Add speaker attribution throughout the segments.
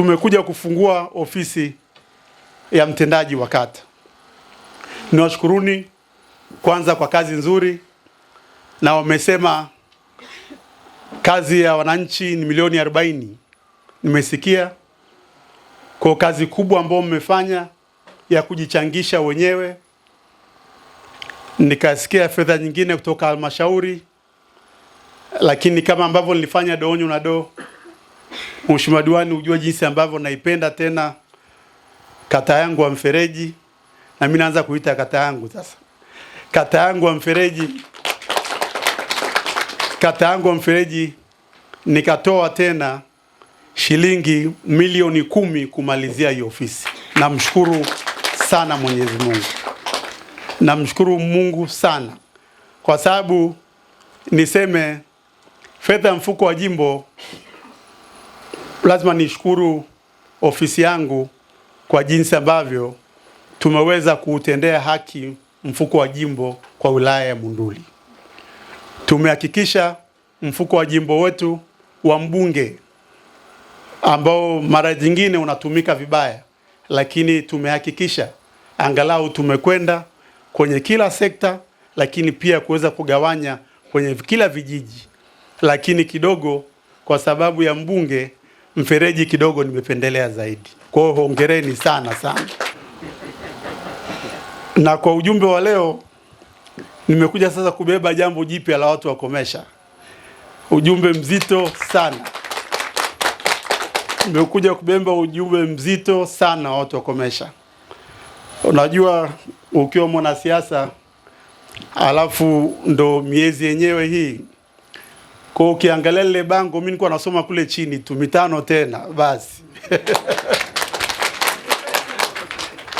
Speaker 1: tumekuja kufungua ofisi ya mtendaji wa kata. Niwashukuruni kwanza kwa kazi nzuri, na wamesema kazi ya wananchi ni milioni arobaini. Nimesikia kwa kazi kubwa ambayo mmefanya ya kujichangisha wenyewe, nikasikia fedha nyingine kutoka halmashauri, lakini kama ambavyo nilifanya doonyo na doo Mheshimiwa Diwani, hujua jinsi ambavyo naipenda tena kata yangu ya Mfereji, na mimi naanza kuita kata yangu sasa, kata yangu ya Mfereji. Kata yangu ya Mfereji nikatoa tena shilingi milioni kumi kumalizia hiyo ofisi. Namshukuru sana Mwenyezi Mungu, namshukuru Mungu sana kwa sababu niseme fedha ya mfuko wa jimbo Lazima nishukuru ofisi yangu kwa jinsi ambavyo tumeweza kuutendea haki mfuko wa jimbo kwa wilaya ya Monduli. Tumehakikisha mfuko wa jimbo wetu wa mbunge ambao mara nyingine unatumika vibaya, lakini tumehakikisha angalau tumekwenda kwenye kila sekta, lakini pia kuweza kugawanya kwenye kila vijiji, lakini kidogo kwa sababu ya mbunge mfereji kidogo nimependelea zaidi. Kwa hiyo hongereni sana sana. Na kwa ujumbe wa leo nimekuja sasa kubeba jambo jipya la watu wakomesha, ujumbe mzito sana nimekuja kubeba ujumbe mzito sana wa watu wakomesha. Unajua, ukiwa mwanasiasa alafu ndo miezi yenyewe hii kwa ukiangalia lile bango, mimi nilikuwa nasoma kule chini tu mitano tena basi.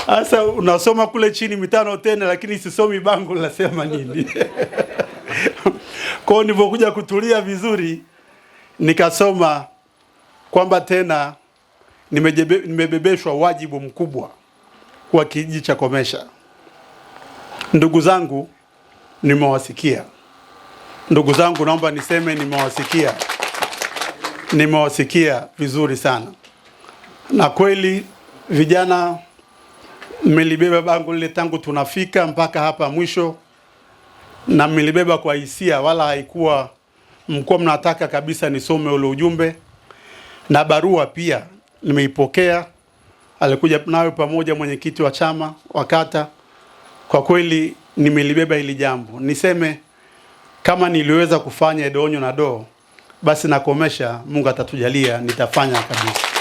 Speaker 1: Sasa unasoma kule chini mitano tena, lakini sisomi bango linasema nini. Kwa hiyo nilipokuja kutulia vizuri, nikasoma kwamba tena nimejebe, nimebebeshwa wajibu mkubwa wa kijiji cha Komesha. Ndugu zangu, nimewasikia Ndugu zangu, naomba niseme nimewasikia, nimewasikia vizuri sana, na kweli vijana mmelibeba bango lile tangu tunafika mpaka hapa mwisho, na mmelibeba kwa hisia, wala haikuwa mkuwa mnataka kabisa nisome ule ujumbe na barua pia nimeipokea, alikuja nayo pamoja mwenyekiti wa chama wa kata. Kwa kweli nimelibeba hili jambo, niseme kama niliweza kufanya Edonyo na Doo, basi nakomesha. Mungu atatujalia, nitafanya kabisa.